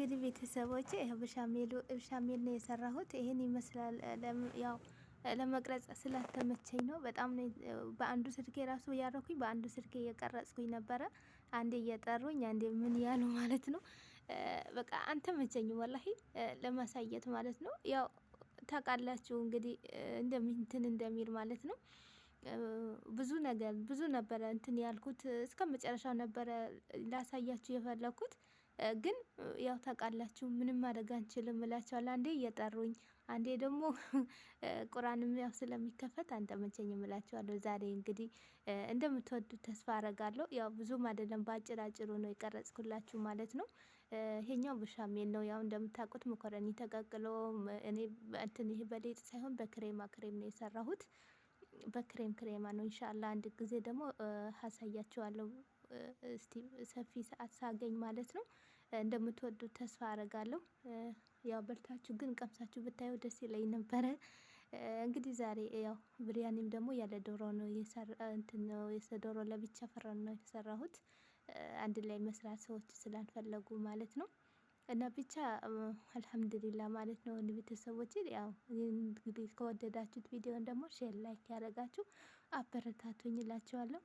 እንግዲህ ቤተሰቦች ብሻሜል ነው የሰራሁት። ይህን ይመስላል። ያው ለመቅረጽ ስላልተመቸኝ ነው። በጣም በአንዱ ስልኬ ራሱ እያረኩኝ በአንዱ ስልኬ እየቀረጽኩኝ ነበረ። አንዴ እየጠሩኝ አንዴ ምን ያሉ ማለት ነው። በቃ መቸኝ ወላሂ ለማሳየት ማለት ነው። ያው ታውቃላችሁ እንግዲህ እንደምንትን እንደሚል ማለት ነው። ብዙ ነገር ብዙ ነበረ እንትን ያልኩት እስከ መጨረሻው ነበረ ላሳያችሁ የፈለኩት ግን ያው ታውቃላችሁ ምንም ማድረግ አንችልም እላቸዋለሁ። አንዴ እየጠሩኝ አንዴ ደግሞ ቁራንም ያው ስለሚከፈት አንተመቸኝም እላቸዋለሁ። ዛሬ እንግዲህ እንደምትወዱት ተስፋ አረጋለሁ። ያው ብዙም አይደለም በአጭር አጭሩ ነው የቀረጽኩላችሁ ማለት ነው። ይሄኛው ብሻሜል ነው። ያው እንደምታውቁት መኮረኒ ተቀቅሎ እኔ እንትን ይሄ በሌጥ ሳይሆን በክሬማ ክሬም ነው የሰራሁት። በክሬም ክሬማ ነው። ኢንሻአላ አንድ ጊዜ ደግሞ አሳያችኋለሁ። እስቲ ሰፊ ሰዓት ሳገኝ ማለት ነው። እንደምትወዱት ተስፋ አረጋለሁ። ያው በልታችሁ ግን ቀምሳችሁ ብታዩ ደስ ይለኝ ነበረ። እንግዲህ ዛሬ ያው ብሪያኒም ደግሞ ያለ ዶሮ ነው ዶሮ ለብቻ ፈረን ነው የተሰራሁት። አንድ ላይ መስራት ሰዎች ስላልፈለጉ ማለት ነው። እና ብቻ አልሐምዱሊላ ማለት ነው። ወንድ ቤተሰቦች ያው እንግዲህ ከወደዳችሁት ቪዲዮን ደግሞ ሼር፣ ላይክ ያደረጋችሁ አበረታቱኝ እላችኋለሁ።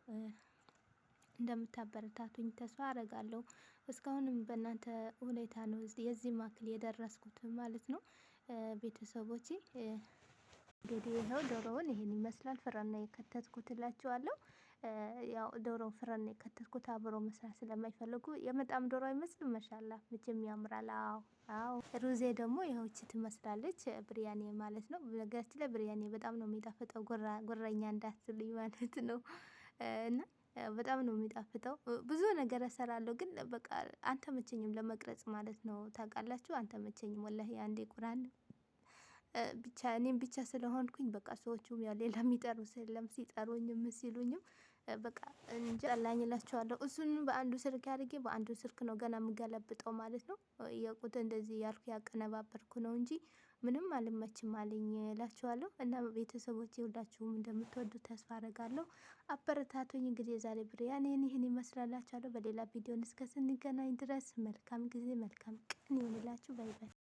እንደምታበረታቱኝ ተስፋ አረጋለሁ። እስካሁንም በእናንተ ሁኔታ ነው የዚህ ማክል የደረስኩት ማለት ነው። ቤተሰቦቼ እንግዲህ ይኸው ዶሮውን ይህን ይመስላል። ፍረን ነው የከተትኩት እላችኋለሁ። ያው ዶሮ ፍረን ነው የከተትኩት አብሮ መስራት ስለማይፈልጉ የመጣም ዶሮ አይመስልም። መሻላ ምችም ያምራል። አዎ አዎ። ሩዜ ደግሞ ይኸውች ትመስላለች። ብርያኔ ማለት ነው። በነገራችን ላይ ብርያኔ በጣም ነው የሚጣፍጠው። ጉረኛ እንዳትሉኝ ማለት ነው እና በጣም ነው የሚጣፍጠው። ብዙ ነገር እሰራለሁ ግን በቃ አንተ መቸኝም ለመቅረጽ ማለት ነው። ታውቃላችሁ አልተመቸኝም ወላሂ አንዴ ቁራን ብቻ እኔም ብቻ ስለሆንኩኝ በቃ ሰዎቹም ያው ሌላ የሚጠሩ ስለም ሲጠሩኝም ሲሉኝም በቃ እንጂ ጠላኝ እላቸዋለሁ። እሱን በአንዱ ስልክ አድርጌ በአንዱ ስልክ ነው ገና የምገለብጠው ማለት ነው። የቁት እንደዚህ ያልኩ ያቀነባበርኩ ነው እንጂ ምንም አልመችም አለኝ እላቸዋለሁ። እና ቤተሰቦች ሁላችሁም እንደምትወዱ ተስፋ አረጋለሁ። አበረታቶኝ እንግዲህ የዛሬ ብርያኔን ይህን ይመስላላችኋለሁ። በሌላ ቪዲዮን እስከ ስንገናኝ ድረስ መልካም ጊዜ መልካም ቀን ይሆንላችሁ። ባይ ባይ።